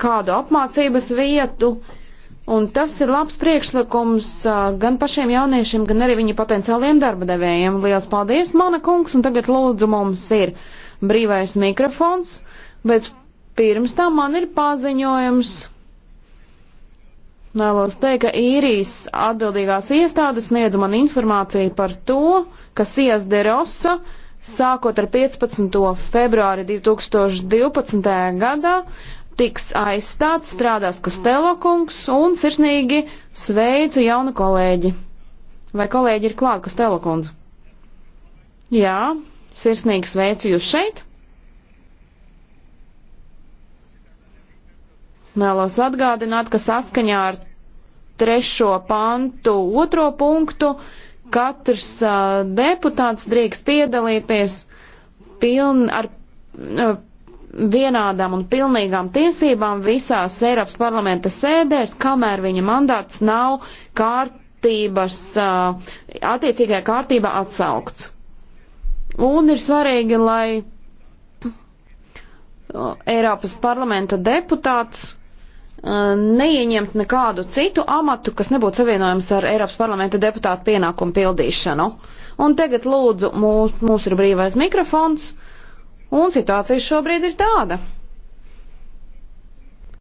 kādu apmācības vietu. Un tas ir labs priekšlikums gan pašiem jauniešiem, gan arī viņa potenciāliem darba devējiem. Lielas paldies, mana kungs, un tagad lūdzu mums ir brīvais mikrofons, bet pirms tam man ir paziņojums. Vēlos teikt, ka īrijas atbildīgās iestādes sniedz man informāciju par to, ka Sijas de Rosa sākot ar 15. februāri 2012. gadā tiks aizstāts, strādās Kostelo kungs un sirsnīgi sveicu jaunu kolēģi. Vai kolēģi ir klāt, Kostelo kundze? Jā, sirsnīgi sveicu jūs šeit. Vēlos atgādināt, ka saskaņā ar trešo pantu otro punktu katrs uh, deputāts drīkst piedalīties piln ar. Uh, vienādām un pilnīgām tiesībām visās Eiropas parlamenta sēdēs, kamēr viņa mandāts nav kārtības, attiecīgajā kārtībā atsaukts. Un ir svarīgi, lai Eiropas parlamenta deputāts neieņemt nekādu citu amatu, kas nebūtu savienojams ar Eiropas parlamenta deputātu pienākumu pildīšanu. Un tagad lūdzu, mūs, mūs ir brīvais mikrofons. Un situācija šobrīd ir tāda.